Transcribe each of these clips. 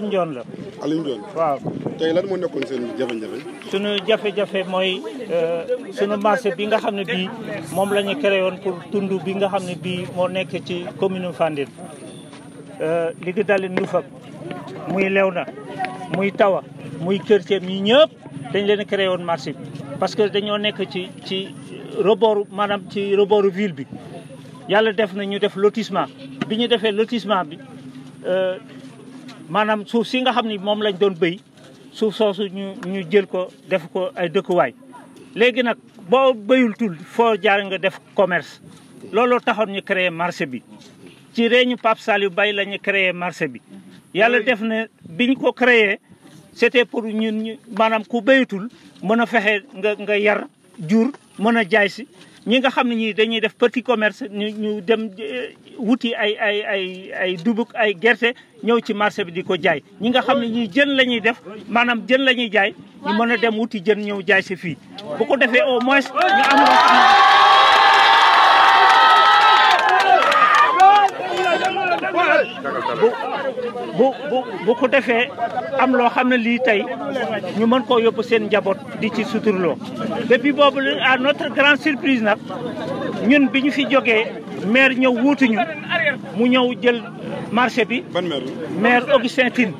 Alioune Ndione la. Alioune Ndione waaw. tey lan moo nekkoon jafe-jafe. sunu jafe-jafe mooy euh, sunu marché bi nga xam ne bii moom la ñu créé woon pour tund bi nga xam ne bii moo nekk ci commune Fandène euh, li ko dalee Ndufak muy lew na muy Tawa muy Kër Thiam yi ñëpp dañ leen créé woon marché bi parce que dañoo nekk ci ci rebord maanaam ci rebord ville bi yàlla def na ñu def lotissement bi ñu defee lotissement bi. Euh, manam suuf si nga xamni mom lañ doon bay suuf soosu ñu ñu jël ko def ko ay eh, dëkk waay léegi nag boo bayul tul foo jaar nga def commerce looloo taxoon ñu créer marché bi ci réñu pap saliu bay la ñu créer marché bi yàlla def ne biñ ko créé c' était pour ñun ñu maanaam ku bayutul mën a fexe nga nga yar jur mën a jaay si ñi nga xam ne ñi dañuy def petit commerce ñu dem eh, wuti ay ay ay ay dugub ay gerte ñëw ci marché bi di ko jaay ñi nga xam ne ñi jën la ñuy def maanaam jën la ñuy jaay ñu mën a dem wuti jën ñëw jaay si fii bu ko defee au moins ñu am bu bu bu ko defee am loo xam ne lii tey ñu mën koo yóbbu seen njaboot di ci suturloo depuis boobu à notre grande surprise nag ñun bi ñu fi jógee maire ñëw wuutuñu mu ñëw jël marché bi maire Augustin Tine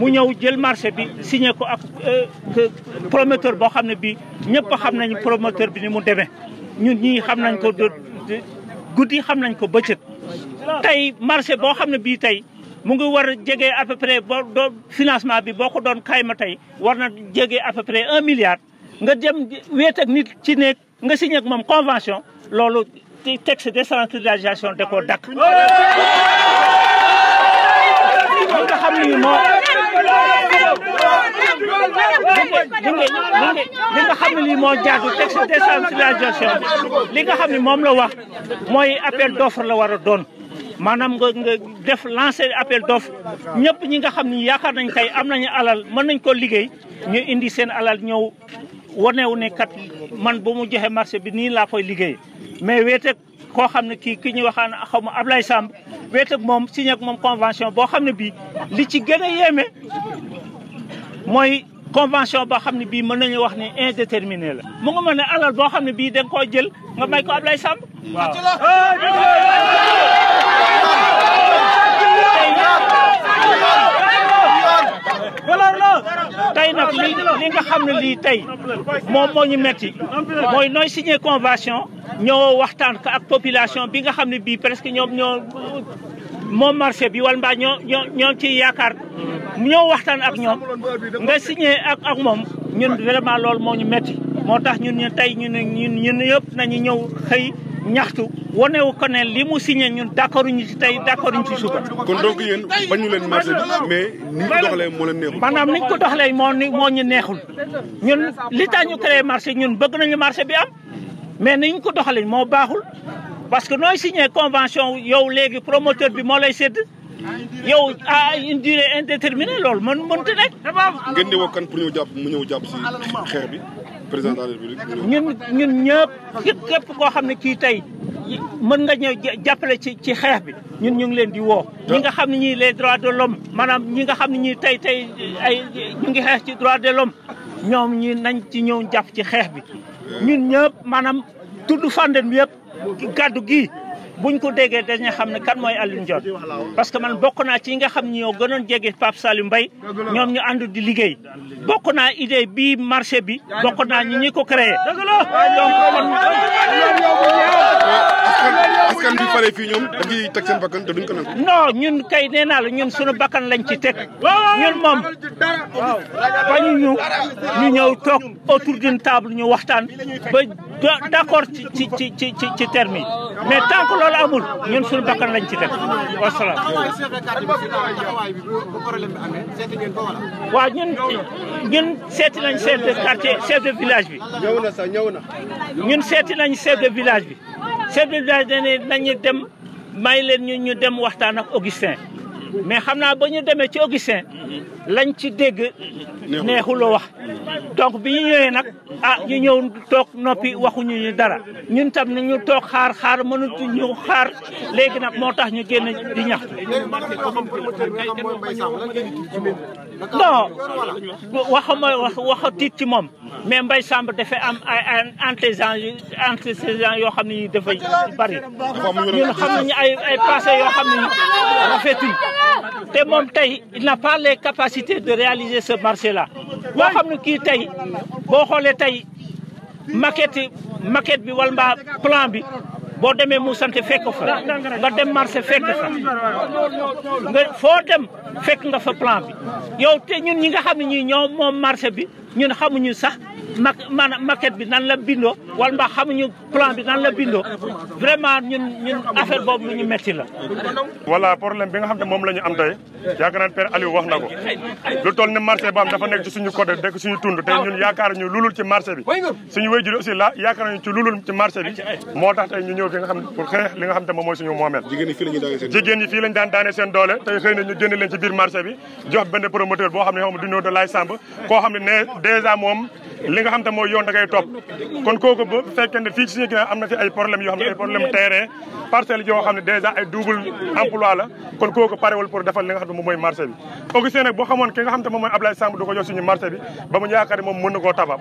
mu ñëw jël marché bi signé ko ak euh, promoteur boo xam ne bi ñëpp xam nañ promoteur bi ni mu demee ñun ñii xam nañ ko guddi xam nañ ko bëccëg tey marché boo xam ne bii tey mu ngi war a jege à peu près boo doo financement bi boo ko doon kayma tey war na jege a peu près un milliard nga jëm wéet nit ci nekk nga si ak moom convention loolu texte décentralisation da koo dakk li nga xam ni moo li nga xam ne lii moo jaadu texte décentralisation li nga xam ne moom la wax mooy appel d'offre la war a doon maanaam nga nga def lancer appel d'offre ñëpp ñi nga xam ni yaakaar nañ tey am nañu alal mën nañ ko liggéey ñu indi seen alal ñëw wanewu ne kat man bu mu joxe marché bi nii laa koy liggéey mais weeteeg koo xam ne kii ki ñuy waxaan xaw ma Ablaye Samb weeteeg moom signé ak moom convention boo xam ne bii li ci gën a yéeme mooy convention boo xam ne bii mën nañu wax ne indéterminé la mu nga mën ne alal boo xam ne bii den nga koo jël nga may ko Ablaye Samb waaw tey nag li nga xam ne lii tey moom moo ñu metti mooy nooy signé convention ñoo waxtaan ak population bi nga xam ne bii presque ñoom ñoo moom marché bi wala mbaa ñoo ñoo ñoo ciy yaakaar ñoo waxtaan ak ñoom nga signé ak ak moom ñun vraiment loolu moo ñu metti moo tax ñun ñu tey ñun ñun ñun yëpp nañu ñëw xëy ñaxtu wane wu ko neen li mu signé ñun d' accord ñu ci tey d' si ñu ci suba. kon donc yéen bañu leen marché bi mais ni ñu ko doxalee moo leen neexul. ni ñu ko doxalee moo ni moo ñu neexul ñun li tax ñu créé marché ñun bëgg nañu marché bi am mais ni ñu ko doxalee moo baaxul parce que nooy signé convention yow léegi promoteur bi moo lay sédd. yow à une durée indéterminée loolu mën mënut a nekk. ngeen di woo kan pour ñëw jàpp mu ñëw jàpp si xeex bi. président de la république ñun ñun ñëpp képp koo xam ne kii tey mën nga ñëw jàppale ci ci xeex bi ñun ñu ngi leen di woo ñi nga xam ne ñii les droits de l'homme maanaam ñi nga xam ne ñii tey tey ay ñu ci droits de l'homme ñoom ñi nañ ci ñëw jàpp ci xeex bi ñun ñëpp maanaam tudd fanden bi yëpp gàddu gii buñ ko déggee dañuy xam ne kan mooy Alioune Dione parce que man bokk naa ci ñi nga xam ne ñoo gënoon jege Pape ñoom ñu ànd di liggéey bokk naa idée bii marché bi bokk naa ñi ñi ko créé askan bi pare fii ñoom dañuy teg seen bakkan te duñ ko nangu non ñun kay nee naa la ñun suñu bakkan lañ ci teg ñun moom bañu ñu ñu ñëw toog autour d'une table ñu waxtaan ba d'accord ci ci ci ci ci ci mais tant que amul ñun suñu bakkan lañ ci def wasalaam. ñun seeti nañ chef de quartier village bi. ñëw na sax ñëw na. ñun seeti nañ chef de village bi chef de village dañuy nañu dem may leen ñu ñu dem waxtaan ak Augustin. mais xam naa ba ñu demee ci Augustin lañ ci dégg neexuloo wax donc bi ñu ñëwee nag a ah, ñu ñëw toog noppi waxuñu ñu dara ñun tam ne ñu toog xaar xaar mënatu ñu xaar léegi nag moo tax ñu génn di ñaxtu non waxuma wax waxatiit ci mom mais Mbaye Samb dafay am ay antécédents yu antécédents yo xamni ne bari ñun xamni ay ay passé yo xamni ne rafetul te moom tey il n'a pas les capacités de réaliser ce marché là boo xamni ki tay bo xolé tay maquette maquette bi wala plan bi boo demee mu sant fekk fa nga dem marché fekk fa nga foo dem fekk nga fa plan yow te ñun ñi nga xam ne ñi ñoo moom marché bi ñun xamuñu sax ma maanaam maquette bi nan la bindoo wala mbaa xamuñu plan bi nan la bindoo vraiment ñun ñun affaire boobu lu ñu métti la. voilà problème bi nga xam ne moom la ñu am tey yaakaar naa ne Père wax na ko lu toll ne marché ba am dafa nekk ci suñu côté a suñu la yaakaar ñu ci lulul ci marché bi moo tax tey ñu ñëw fi nga xam ne pour xeex li nga xam ne moom mooy suñu moomeel. jigéen ñi fii lañ seen doole tey xëy na ñu génne leen ci biir marché bi jox benn promoteur boo xam ne xaw ma du ñëw da laay koo xam ne ne déjà moom li nga xam te mooy yoon da ngay topp kon kooku bu fekkee ne fii ci suñu ginnaaw am na fi ay problème yoo xam ne ay problème terrain parcelle yoo xam ne déjà ay double emploi la kon kooku parewul pour defal li nga xam ne moom mooy marché bi Augustin nag boo xamoon ki nga xam te moom mooy Ablaye Samb du ko jox suñu marché bi ne moom nga xam tamit moom moo moom moo moom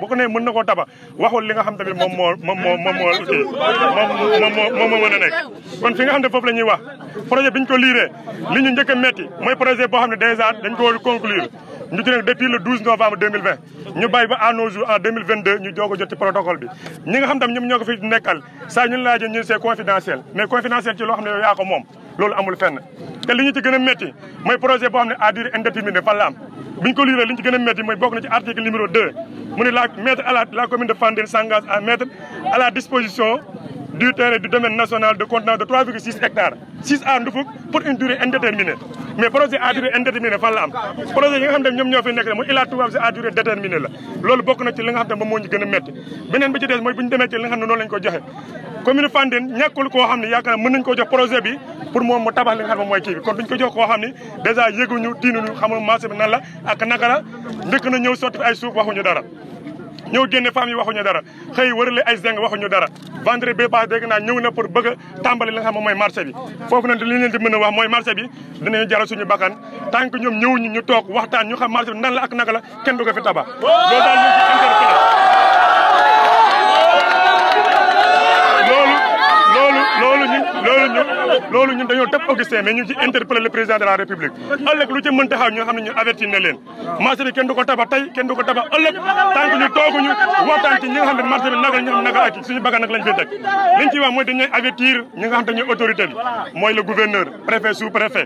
moo moom moo moom moo mën a nekk kon fi nga xam ne foofu la ñuy wax projet bi ñu ko liiree li ñu njëkk metti mooy projet boo xam ne déjà dañ ko conclure ñu tenons depuis le 12 novembre 2020 ñu bàyyi ba à nos jours en 2022 ñu devons a le protocole bi ñi nga xam tam ñoom ñoo ko fi nekkal saa ñun laajee ñun c'est confidentiel mais confidentiel ci loo xam ne yow yaa ko moom loolu amul fenn te li ci gën métti mooy projet boo xam ne à durée indéterminée fan la am bi ñu ko liiree li ñu ci a métti na ci article numéro 2 mu la mettre à la la commune de Fandène s'engage à mettre à la disposition du terrain du domaine national de contenant de 3,6 hectares 6 à Ndoufouk pour une durée indéterminée mais projet à durée indéterminée fan la am projet yi nga xam ne ñoom ñoo fi nekk mooy Ila Touba à durée déterminée la loolu bokk na ci li nga xam ne moom moo ñu gën a métti beneen bi ci des mooy bu ñu demee ci li nga xam ne noonu ko joxe commune Fandène ñàkkul koo xam ne yaakaar mën nañ ko jox projet bi pour mom mu tabax li nga xam moy ki bi kon duñ ko jox koo xam ne dèjà yëguñu tiinuñu xamul marché bi nan la ak naka la na ñëw sotti ay suuf waxuñu dara ñëw génne femmes yi waxuñu dara xëy wërale ay zeng waxuñu dara vendredi bi passé dégg naa ñëw na pour bëgg a tàmbali li nga xam mooy marché bi foofu nag li leen di mën a wax mooy marché bi dinañu jaral suñu bakkan tant que ñoom ñëwuñu ñu toog waxtaan ñu xam marché bi nan la ak naka la kenn du ko fi tabax ñun loolu ñun loolu ñun dañoo tëb Augustin mais ñu ngi ci interpellé le président de la république ëllëg lu ci mën taxaw ñoo xam ñu averti na leen kenn du ko tabax tey kenn du ko tabax ëllëg tant ñu tooguñu waxtaan ci ñi nga xam ne marché bi nagal ñi nga xam suñu bakkan nag lañ fiy teg liñ ci wax mooy dañuy avertir ñi nga xam autorité mooy le gouverneur préfet sous préfet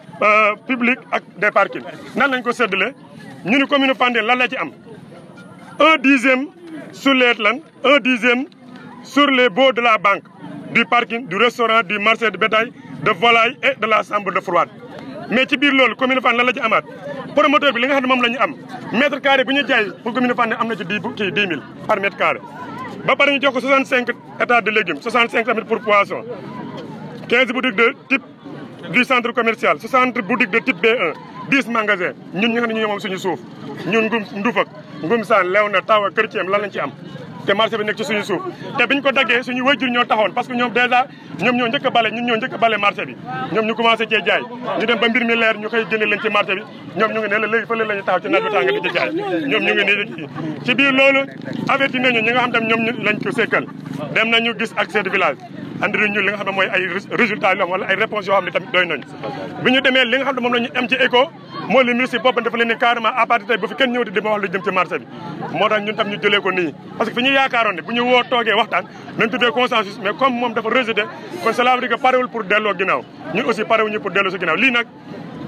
Euh, public ak des parkings nan lañ ko ñu ni commune lan la ci am un dixième sur les lan un dixième sur les baux de la banque du parking du restaurant du marché de bétail de volaille et de la chambre de froide mais ci biir lool commune Fandène lan la ci Pour promoteur bi li nga xam mom lañu am mètre carré bu ñu pour commune Fandène amna ci par mètre carré ba y ñu jox 65 états de légumes 65 tamit pour poisson 15 boutiques de type du centre commercial, ce centre boutique de type B1. dix magasin ñun ñi nga xam ne ñoo moom suñu suuf ñun ngum ndufak ngum saan lew na taw a kër ceem lan lañ ci am te marché bi nekk ci suñu suuf te biñ ko daggee suñu wayjur ñoo taxoon parce que ñoom dèjà ñoom ñoo njëkk a ñun ñoo njëkk a marché bi ñoom ñu commencé cee jaay ñu dem ba mbir mi leer ñu xëy génne leen ci marché bi ñoom ñu ngi ne la léegi fële la taxaw ci naaj bi di jaay ñoom ñu ngi nii ci biir loolu averti nañu ñi nga xam tam ñoom lañ ko sekkal dem nañu gis ak seen village andi ñu li nga xam ne ay résultats yoo wala ay réponses yoo xam ne doy nañu bi ñu li nga xam ne moom am ci écho moo li mis si boppam dafa leen ni carrément à partir tey bu fi kenn ñëwati di ma wax lu jëm ci marché bi moo tax ñun tam ñu jëlee ko nii parce que fi ñu yaakaaroon ne bu ñu woo toogee waxtaan nañ tuddee consensus mais comme moom dafa rejeté kon cela veut parewul pour delloo ginnaaw ñun aussi parewuñu pour delloo si ginnaaw lii nag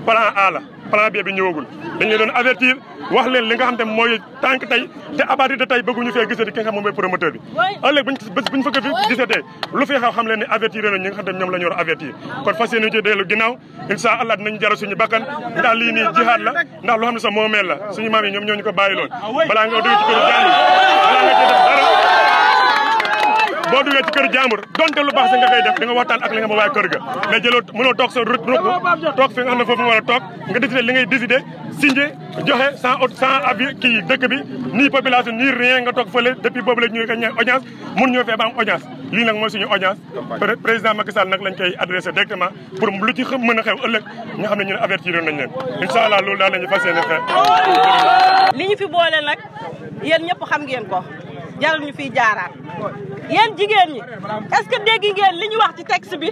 plan A la plan B bi ñëwagul dañ leen doon avertir wax li nga xam te mooy tànk tey te à partir de tey bëgguñu fee gisati ki nga xam moom mooy promoteur bi ëllëg buñ bés buñu fëkk fi gisatee lu fi xam leen ne avertir nañ ñi nga xam te ñoom la ñu war a avertir kon fas yéene ci dellu ginnaaw incha allah dinañ jaral suñu bakkan ndax lii nii jihaad la ndax loo xam ne sax moomeel la suñu maam yi ñoom ñooñu ko bàyyi loon ah balaa nga dugg ci kër jàmm balaa nga def dara boo duggee ci kër jàmbur donte lu baax si nga koy def da nga waxtaan ak li nga ma waaye kër ga mais jëloo mënoo toog sa rut ruq nga xam ne foofu nga a toog dëkk bi nii population nii nga toog fële depuis boobu la ñu ñaan audience mun ñoo fee ba am audience lii nag mooy suñu audience président Macky Sall nag lañ koy adressé directement pour lu ci mën a xew ëllëg ñu xam ne ñu ne avertir na leen incha loolu daal la ñu fas yéene xeex li ñu fi boole nag yéen ñëpp xam ngeen ko jarul ñu fi jaaraat yéen jigéen ñi est-ce que ngeen li ñu wax ci texte bi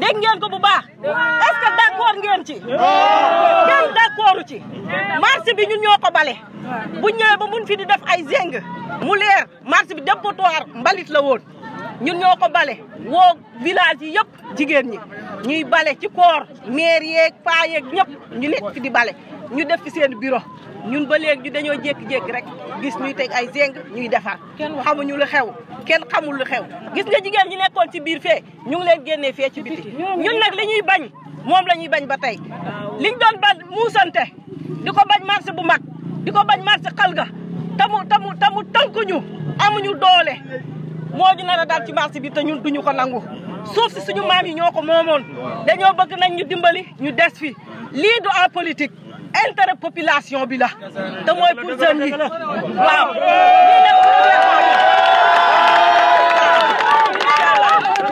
dégg ngeen ko bu baax est-ce que ngeen ci kenn d'accordu ci marché bi ñu ñoo bale bu ñëwee ba mun fi di def ay zeng mu leer marché bi dépotoir mbalit la woon ñun ñoo ko bale woo village yi yëpp jigéen ñi ñuy bale ci koor maire yeeg paa yeeg ñëpp ñu nekk fi di bale ñu def fi seen biro ñun ba léegi ñu dañoo jékki-jékki rek gis ñuy teg ay zeng ñuy defar xamuñu lu xew kenn xamul lu xew gis nga jigéen ñi nekkoon ci biir fee ñu ngi leen génnee fee ci biti ñun nag li ñuy bañ moom la ñuy bañ ba tey liñ doon ba muusante di ko bañ marché bu mag di ko bañ marché xal ga tamu tamu tamu tënkuñu amuñu doole moo ñu nar a daal ci marché bi te ñun duñu ko nangu suuf si suñu maam yi ñoo ko moomoon dañoo bëgg nañ ñu dimbali ñu des fi lii du apolitique intérêt population bi la te pour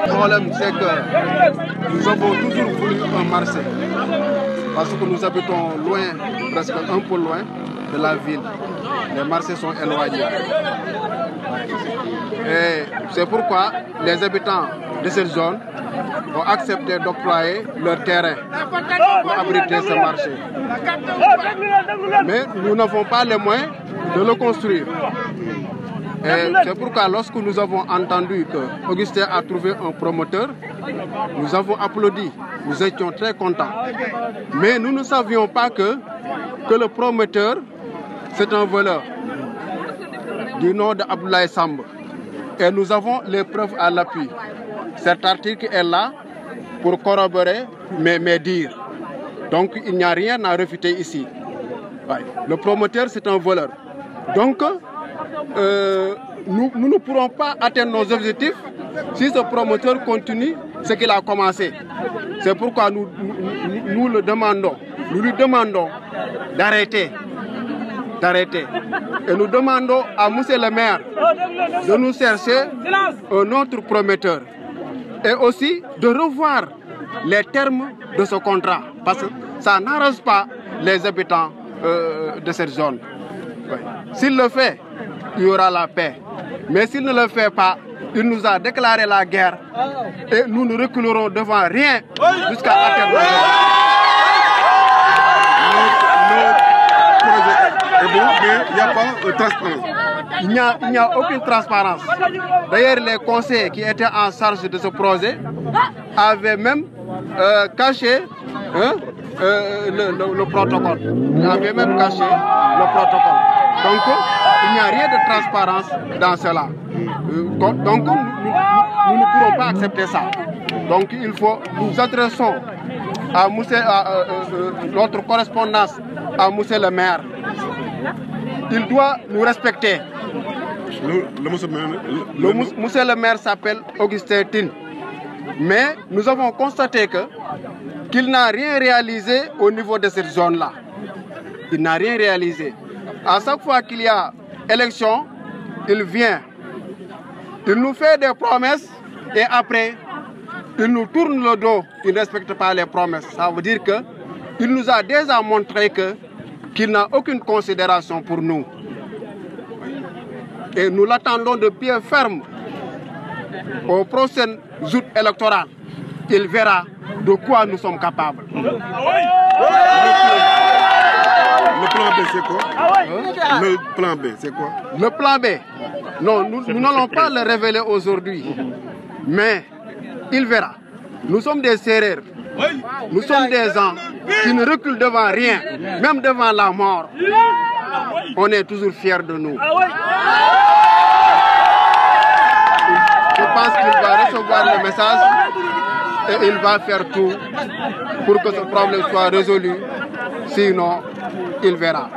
Le problème, c'est que nous avons toujours voulu un Marseille. parce que nous habitons loin, presque un peu loin de la ville. Les Marseilles sont éloignés. Et c'est pourquoi les habitants de cette zone ont accepté d'octroyer leur terrain pour abriter ce marché. Mais nous n'avons pas les moyens de le construire. Et c'est pourquoi lorsque nous avons entendu que Augustin a trouvé un promoteur, nous avons applaudi, nous étions très contents. Mais nous ne savions pas que, que le promoteur, c'est un voleur du nom d'Abdoulaye Samb. Et nous avons les preuves à l'appui. Cet article est là, pour corroborer mes, mes dires. Donc il n'y a rien à refuter ici. Le promoteur, c'est un voleur. Donc, euh, nous, ne pourrons pas atteindre nos objectifs si ce promoteur continue ce qu'il a commencé. C'est pourquoi nous, nous, le demandons, nous lui demandons d'arrêter, d'arrêter. Et nous demandons à Monsieur le maire de nous chercher un autre prometteur et aussi de revoir les termes de ce contrat, parce que ça n'arrange pas les habitants euh, de cette zone. S'il le fait, il y aura la paix. Mais s'il ne le fait pas, il nous a déclaré la guerre et nous ne reculerons devant rien jusqu'à atteindre projet bon, il n'y a pas de euh, transparence. Il n'y a, aucune transparence. D'ailleurs, les conseils qui étaient en charge de ce projet avaient même euh, caché hein, euh, le, protocole. Ils avaient même caché le protocole. Donc, il n'y a rien de transparence dans cela. Euh, donc, nous, ne pouvons pas accepter ça. Donc, il faut, nous adressons à, notre correspondance à Moussé le maire. Il doit nous respecter. Le, monsieur, le, maire s'appelle Augustin Tin. Mais nous avons constaté que qu'il n'a rien réalisé au niveau de cette zone-là. Il n'a rien réalisé. À chaque fois qu'il y a élection, il vient. Il nous fait des promesses et après, il nous tourne le dos. Il ne respecte pas les promesses. Ça veut dire qu'il nous a déjà montré que qu'il n'a aucune considération pour nous. Et nous l'attendons de pied ferme au prochaines joutes électoral. Il verra de quoi nous sommes capables. Le plan B, c'est quoi ah hein? Le plan B, c'est quoi Le plan B. Non, nous n'allons pas le révéler aujourd'hui. Mais il verra. Nous sommes des serrères. Nous sommes des gens qui ne reculent devant rien, même devant la mort on est toujours fiers de nous. Ah Je pense qu'il va recevoir le message et il va faire tout pour que ce problème soit résolu. Sinon, il verra.